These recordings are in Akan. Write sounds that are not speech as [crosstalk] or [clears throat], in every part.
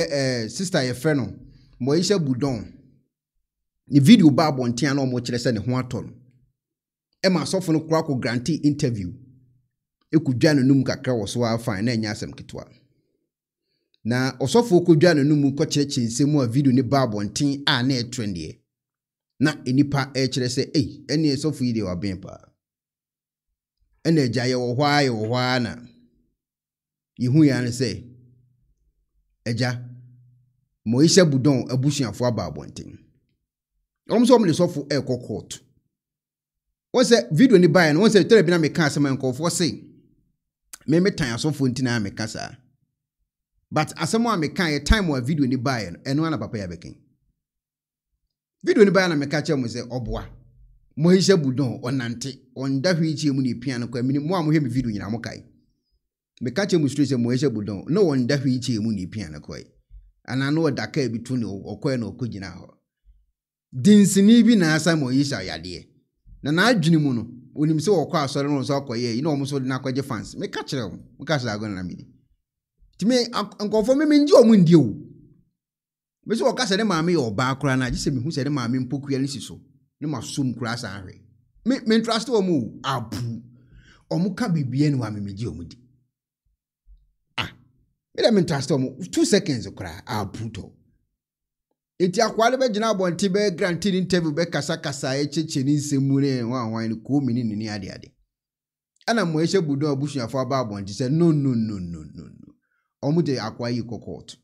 ɛɛ sista yɛfrɛ no mɔyisa budɔn ne video ba abɔnten a na wɔn kyerɛ sɛ ne ho atɔ no ɛma asɔfo no kora kɔ grante interview ekudwa n'anum kakra wɔ so afan na ɛnyɛ asɛm ketewa na ɔsɔfo kodwa n'anum kɔkyerɛkyerɛ nsɛm a video ne ba abɔnten a na ɛtrɛn deɛ na nipa ɛrekyerɛ sɛ ei ɛne ɛsɔfo yi deɛ wabɛn paa ɛna agya yɛwɔ hɔ ara yɛwɔ hɔ a na yehu yɛn ano sɛ. agya ma oyi sɛ budɔn abusuafoɔ aba abɔnten wɔn nso wɔn de sɔfo ɛrekɔ court wɔn sɛ video ni baeɛ no wɔn sɛ tɛrɛ bi na meka asɛm a nkɔfoɔ se mɛmɛ tan asɔfoɔ ntina a meka saa but asɛm a meka yɛ time a video ni baeɛ no ɛno ana papa yɛ abɛkɛn video ni baeɛ na meka kyerɛ mo sɛ ɔboa mo yi sɛ budɔn ɔnante ɔnda hwee kyie mu na epia no kɔ ɛmini mo a mo hwɛ mi video nyinaa mo kae. meka kyɛ mu siri sɛ mo na wɔn da hwee mu na no kɔɛ anaa na wɔda bi to na na ɔkɔ gyina hɔ dinsini bi na asa ma yadeɛ na n'adwene mu no onim sɛ wɔkɔ asɔre no nso akɔyɛ yi na wɔn nso de n'akɔgye fans meka kyerɛ wɔn meka kyerɛ agɔ nana tumi wɔn o sɛ wɔka sɛ ne maame yɛ na sɛ mihu so ne ma som saa ahwɛ me me meda mentase m two seconds koraa abuto ah, eti akwaa no bɛgyina abɔnten bɛyɛ grante no interview bɛkasakasa ɛkyekyɛ ne nsɛm mu ne hwanhwan no koomi ne nini adeade ɛna mmɔ ɛhyɛ budon abusuafoɔ aba abɔnten sɛ no no no no no no de akwaa yi kɔ court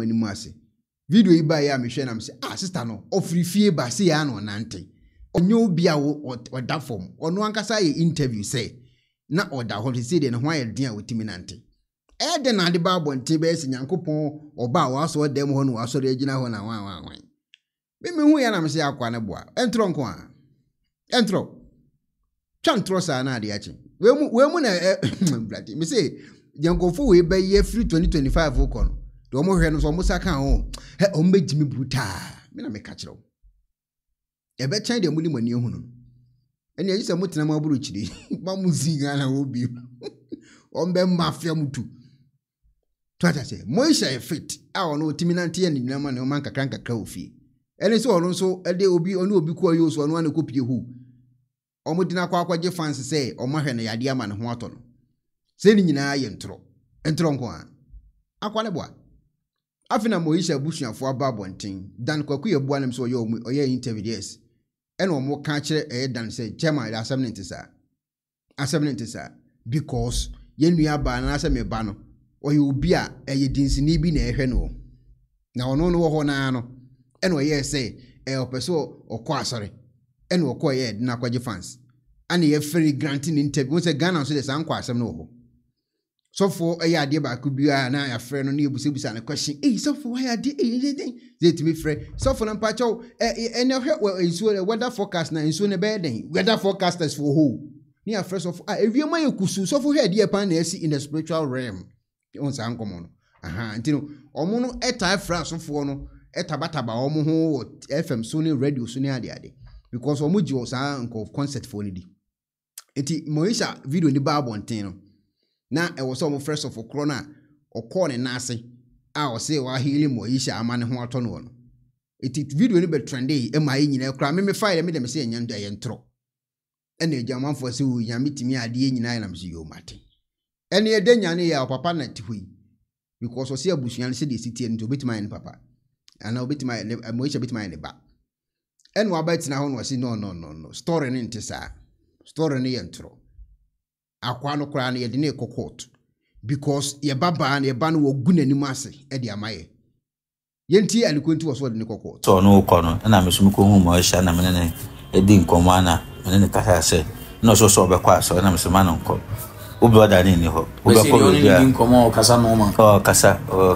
anim ase video yi yi a mehwɛ nam sɛ ah, sista no ɔfiri fie ba se na ɔnante ɔnyɛ obi a ɛde na adeba ba bɛyɛ sɛ nyankopɔn ɔba a wasɔ dɛm hɔ no wasɔre agyina hɔ na wanwanwan memehu yɛ nam sɛ yɛakoa no boa ɛntorɔ nko a ɛntorɔ twa ntorɔ saa na ade akye wei mu na brate [clears throat] me se nyankofo wei bɛyɛ firi 2025 kɔ no deɛ ɔmo hwɛ no so ɔmo sa ho ɛ ɔmo me brutaa me na meka kyerɛ ɛbɛkyɛn deɛ mo ne mo ani ehunu no ɛnna ɛyi sɛ mo tena mo aburo [laughs] ma mo zi ghana bi [laughs] ɔmo bɛ mma afia mo twata sɛ moisa yɛ a ɔno otimi nante yɛ ne nyinama ne ɔma nkakra ofie ɛne nso obi ɔne obi kɔɔ yɛ so ɔno ana kɔpie hu ɔmodina kɔ akɔgye fans sɛ ɔmahwɛ no yadeɛ ama ne ho atɔ no sɛ ne nyinaa yɛ ntorɔ ntorɔ nko a akwa ne afei na moisa abusuafoɔ aba abɔnten dan yɛ m sɛ ɔyɛ ɔyɛ ɔyɛ obi a ɛyɛ dinsini bi na ɛhwɛ no na ɔno no wɔ hɔ naa no ɛna ɔyɛ sɛ ɛyɛ ɔpɛ sɛ ɔkɔ asɔre ɛna ɔkɔ yɛ ɛdina akɔgye fans ɛna yɛfɛre grant ne ntɛbi wɔn sɛ ghana nso de saa nkɔ asɛm no wɔ hɔ sɔfoɔ ɛyɛ adeɛ baako biara na yɛafrɛ no ne yɛbusabusa no question eyi sɔfoɔ ayɛ adeɛ eyi de den de tumi frɛ sɔfoɔ no mpakyɛw ɛ ɛna hwɛ wɔ nsuo no weather forecast na nsuo no bɛyɛ den weather forecasters for hoo ne yɛafrɛ sɔfoɔ a ewiem ayɛ kusu sɔfoɔ hwɛ adeɛ pan na ɛsi in the spiritual realm saa nkɔmɔ no aha nti no wɔn no ɛta afra asofoɔ no ɛtabataba wɔn ho wɔ fm so ne radio so ne adeade because wɔn gye saa nkɔ concert foɔ no di nti moisha video ne ba abɔnten no na ɛwɔ sɛ wɔn fɛ sɔfo korɔ no a ɔkɔɔ ne nan a ɔsɛ wahili moisha ama ne ho atɔ no na nti video no bɛ trende ɛma ayi nyinaa koraa mɛmɛ fa yɛ sɛ ntorɔ ɛne ɛda nyane yɛ ɔpapa na te hɔ yi because ɔsɛ abusua no sɛdeɛ ɛsi no nti obɛtumi ayɛ ne papa anaa obɛtumi ayɛ ne mmoahyia eh, obɛtumi ayɛ ne ba ɛna hɔ na ɔsi no no no no story no nte saa story no yɛ ntorɔ akwa no koraa no yɛde ne kɔ court because yɛba baa no yɛba no wɔgu n'anim ase ɛde ama yɛ wɔ so ne kɔ court. tɔɔ no kɔ no ɛna mɛ na mene ne ɛdi nkɔmɔ ana mene ne kasa ɛna ɔbɛkɔ asɔ wo bɛ ɔda ne ni hɔ wo bɛ kɔ bɛ bia ɔ kasa ɔ oh, kasa ɔ oh,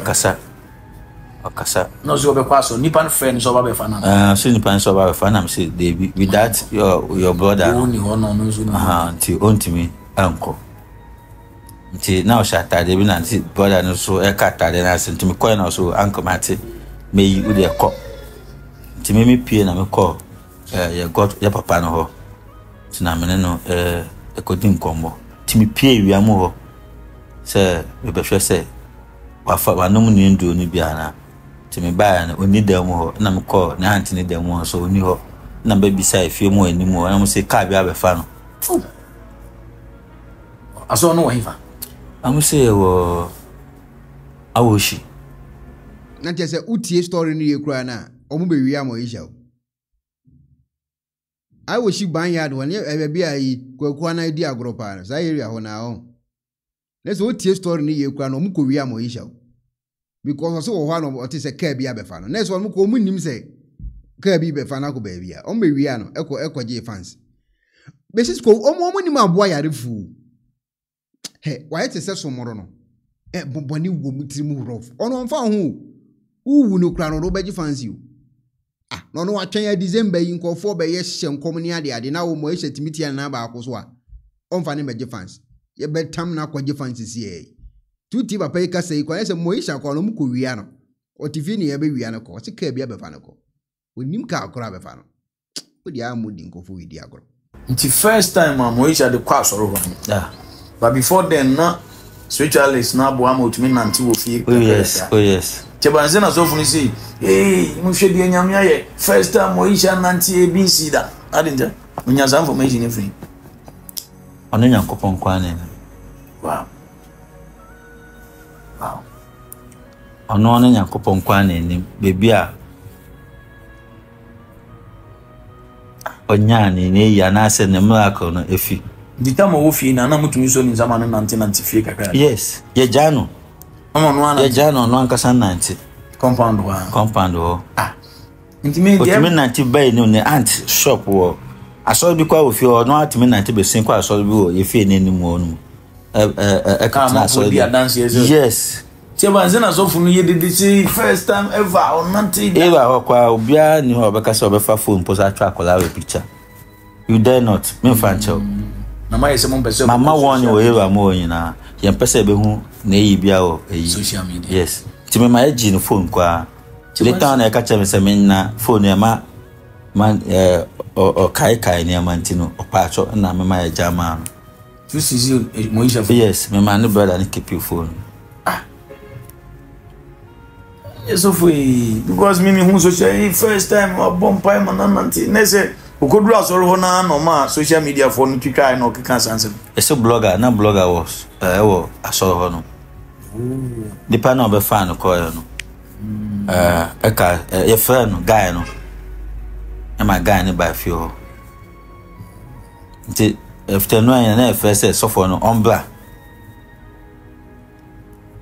oh, kasa. n'o sɛ o bɛ kɔ a sɔ nipa ni fɛn ni bɛ fa na. ɛɛ so nipa ni bɛ fa na mi se deebi without your your brother. o ni hɔ nɔ n'o so ni hɔ. nti o ntumi ɛnkɔ nti na ɔhyɛ ataade bi na nti brother no so ɛka ataade na ase ntumi kɔɛ na ɔso ankɔ ma ate meyi o de ɛkɔ nti mi mi pie na mi kɔ ɛɛ eh, yɛ god yɛ papa no hɔ nti no ɛɛ eh, ɛkɔdi nkɔmɔ. tumi pie ewia mu hɔ sɛ ɛbɛhwɛ sɛ wafa wanom ne nduo no bi ana tumi baa no ɔni dan mu hɔ na mekɔɔ ne ni ne dan mu hɔ so ɔni hɔ na bɛbisa efie mu anim hɔ na mo sɛ kaa bi abɛfa no asɔ no wɔ hefa amu sɛ ɛwɔ awohyi na kyerɛ sɛ wotie story no yɛ koraa no a ɔmo bɛwie ama ɔyɛhyɛ ai ban yard wɔnyɛ ɛbɛbi a yi kwakuwa na di agorɔ paa saa area na ɔn sɛ wotie story oh, no yie kura na ɔmo kɔ wia ma ɔyi hyɛ because ɔsɛ wɔ hɔ a ɔte sɛ kaa bi abɛfa no sɛ ɔmo kɔ ɔmo nim sɛ kaa bi bɛfa no baabi a ɔmo ewia no ɛkɔ ɛkɔ gye fans ɔmo ɔmo nim aboa yare fuu hɛ te sɛ somoro no ɛ wɔ mu rɔf Ah, na ɔno watwɛn a december yi nkɔfoɔ bɛyɛ hyɛ nkɔm ade ade na wɔn ɛhyɛ timi tia nana a ɔmfa ne fans yɛbɛtam na akɔgye fans sie tuuti papa yi kasa yi kwan yɛ sɛ moisha kɔ no mu kɔ wia no ɔte fie ne yɛbɛwia no kɔ ɔsi kaa bi no onim no di nkofo di nti first time de but before then na spiritualist na otumi fie. oh yes oh kyebanse na sɔfo no sei ee mohwɛ deɛ nyame ayɛ first time ɔyihyɛ anante abc da ade nkyɛ onya saa information afiri ɔno nyankopɔn koa ne no ɔno ne nyankopɔn koa ne anim baabi a ɔnyaa ne ne yi anaasɛ ne miracle no ɛfi nti tam ɔwɔ fie no ana mutumi sɔ ne nsɛm ano nantenante fie kakra yes yɛgya no yɛgya no ɔno ankasa nante compound hɔ compound Ah. hɔ ɔtumi nante bɛyi no ne ant shop wɔ asɔre bi kɔ a wɔfie hɔ ɔno atumi nante bɛsen kɔ asɔre bi wɔ yɛfie n'anim wɔ no mu ɛkatena asɔre bi yes tiɛbanse na sɔfo no yɛ dede se first time ever ɔnante da eva hɔ kɔ a obiara ni hɔ ɔbɛka sɛ ɔbɛfa phone pɔ so atwa akɔla wɔ picture you dare not memfa nkyɛw mm. mama wɔn ne wɔ eva mu wɔ nyinaa yɛn pɛ sɛ ɛbɛhu na ɛyi bia wɔ social media yes nti mɛ maa ɛgye no phone koraa later on ɛka kyerɛ mi sɛ mi nna phone yɛ ma ma eh, ɛɛ ɔkaekae nneɛma nti no ɔpaatwɔ ɛna mɛ maa ɛgya maa no. two six zero mo n ṣe fún. yes mɛ maa ne brother ne kepi phone. ah yẹ sọ fún yìí because mi mi hun social first time ọbọ mpa ẹ mọ náà nà ntí ne sẹ okoduru asɔre hɔ naa na social media foɔ no twitwa na ɔkeka asansɛm ɛsɛ blogger na blogger wɔ ɛwɔ e, asɔre hɔ no nipa na ɔbɛfa no kɔɛ no ɛka yɛfrɛ no guy no ɛma e guy no baa e fie hɔ nti afternoon yɛn na yɛfrɛ sɛ sɔfoɔ no ɔmbra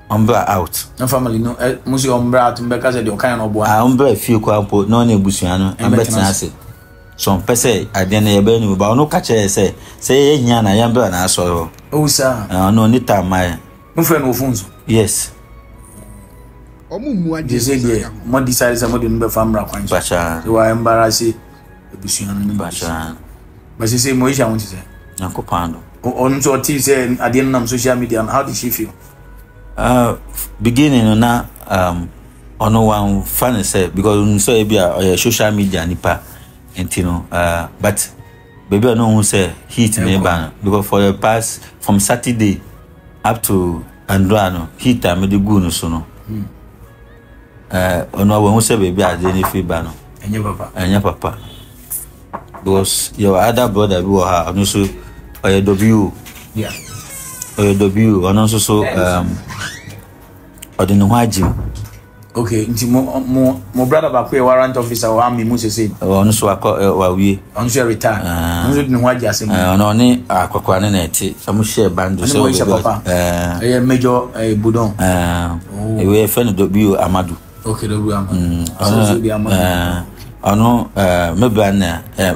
ɔmbra out. na family no ɛ musu ɔmbra out mbɛka sɛ deɛ ɔkan na ɔbɔ. a ɔmbra fie kɔ ampo na ɔne ebusua no ɛmbɛtena ase. so mpɛ sɛ adeɛ no yɛbɛyɛ no ba ɔno ka kyerɛ sɛ sɛ yɛyɛ na yɛmbɛ na asɔre hɔ ɔwu saa ɔno ɔne ta mmaɛ mfrɛ no ɔfo nso yes ɔmo mmu agye sɛ deɛ mo decide sɛ mode no bɛfa mmra kwan so sɛ wa embarase abusua no ba sɛ sɛ mɔyɛhyɛ wo nte sɛ nyankopɔn do ɔno nso ɔtee sɛ adeɛ nam social media how did she feel uh, beginning na ne sɛ because ebi a ɔyɛ social media nipa nti no uh, but baabi a no hu sɛ heat ne ba no because for the past from saturday up to andra no heat a mede guu no so hmm. uh, no ɔno a wɔhu sɛ baabi a adeɛ no firi ba no ɛnyɛ papa because yɛwɔ other brother bi wɔ ha ɔno nso ɔyɛ w ɔyɛ w ɔno nso so ɔde ne ho agye mu Okay, nti mo mo mo brother baako yɛ warrant officer wɔ army mu sese. ɔno nso akɔ wawie. ɔno nso yɛ retire. Ah. ɔno nso ne ho agye ase mu. ɔno ɔne akɔkɔra ne na ɛte ɔmo hyɛ bando sɛ ɔbɛ bɛ. ɔne mo hyɛ papa ɛyɛ major ɛɛ budon. ewe yɛ fɛn no bi o amadu. ok do bi amadu. Mm, ɔno nso bi amadu. ɔno ɛɛ mebra na ɛɛ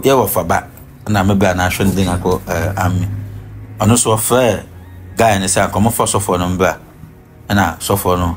yɛ wɔ faba na mebra na ahwɛ ne den akɔ ɛɛ army ɔno nso ɔfɛ guy ne sɛ akɔmɔfɔ sɔfo no mbra ɛna sɔfo no.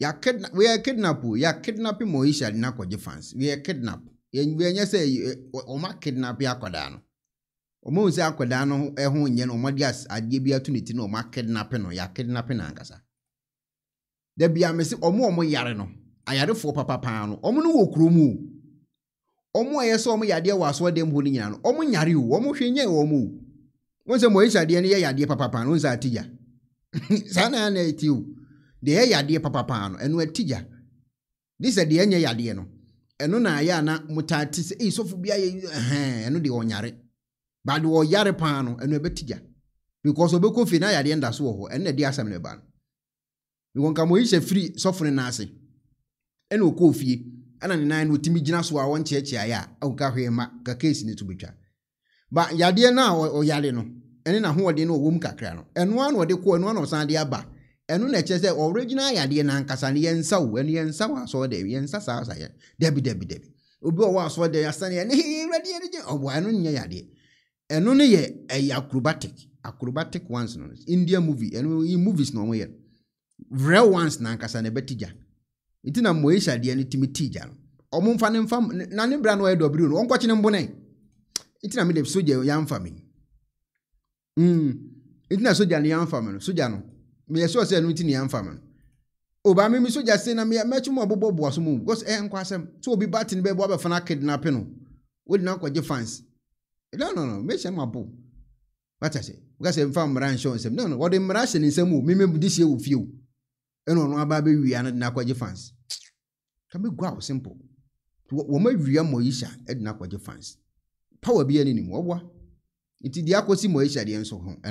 yɛ kidnap o yɛ kidnap moisha de nakɔgye fans yɛ kidnap yɛnyɛ sɛ ɔma kidnap yɛ akwadaa no ɔma sɛ akwadaa no eh, ho nyɛ no ɔmade adeɛ bi ato ne ti no ɔma kidnap no yɛ kidnap no ankasa da bia me sɛ ɔmo ɔmo yare no ayarefoɔ papapaa no ɔmo no wɔ kurom o ɔmo ɛyɛ sɛ ɔmo yadeɛ wɔ asoɔdɛm hɔ no nyinaa no ɔmo yare o ɔmo hwɛ nyɛ wɔn o wɔn sɛ moisha deɛ no yɛ yadeɛ papapaa no wɔn sɛ atigya [laughs] na yɛ deɛ ɛyɛ adeɛ papapaa no ɛno ati gya de deɛ ɛnyɛ yadeɛ no ɛno na ayɛ a na motaate sɛ sɔfo bi ayɛ ɛhɛn ɛno deɛ ɔnyare ɔyare paa no ɛno ɛbɛti gya because ɔbɛkɔ fie na yadeɛ nda wɔ hɔ ɛno na ɛde asɛm no ba no because nkama hyɛ firi sɔfo no n'ase ɛna ɔkɔ fie ɛna ne nan ɔtumi gyina so a wɔnkyeɛkyeɛ ayɛ ka keesi no bɛtwa ba yadeɛ no a ɔyare no ɛne n'ahoɔden no ɔwɔ mu kakra no ɛnoa na ɔde kɔ ɛnoa na ɔsan ɛno na ɛkyerɛ sɛ original yadeɛ nankasa no yɛnsa wo ɛno yɛnsa wɔ asɔɔdɛm yɛnsa saa sa yɛ dabi dabi dabi obi wɔ asɔɔdɛm asane ɛne awurade yɛne gye ɔbɔ ɛno nyɛ yadeɛ ɛno no yɛ ɛyɛ acrobatic acrobatic ones no india movie ɛno yi movies na wɔn yɛ real ones nankasa na ɛbɛti gya nti na moesha deɛ no timi ti gya no ɔmo nfa ne nfa na ne bra no ɔyɛ dɔbiri na mi de soja yɛn afa mi mm nti na soja hmm. no yɛn afa mi no meyɛ sɛ ɔsɛ ɛno nti nea mfa me no oba mi so gya se na mɛkyi mu ɔbobɔ boa so mu because ɛyɛ nkɔ asɛm sɛ obi ba te ne bɛboa bɛfa no akidnape no wode no akɔgye fans no no no mehyɛ ma bo wata sɛ woka sɛ mfa mmara nhyɛ wo nsɛm no no wɔde mmara hyɛ ne nsɛm o memɛ de sie wɔ fie o ɛna ɔno aba bɛwia no de no akɔgye fans ka mɛgua wo simple wɔma wia mɔyisha de no akɔgye fans power bi anim wɔboa nti deɛ akɔsi mɔyisha deɛ nso ho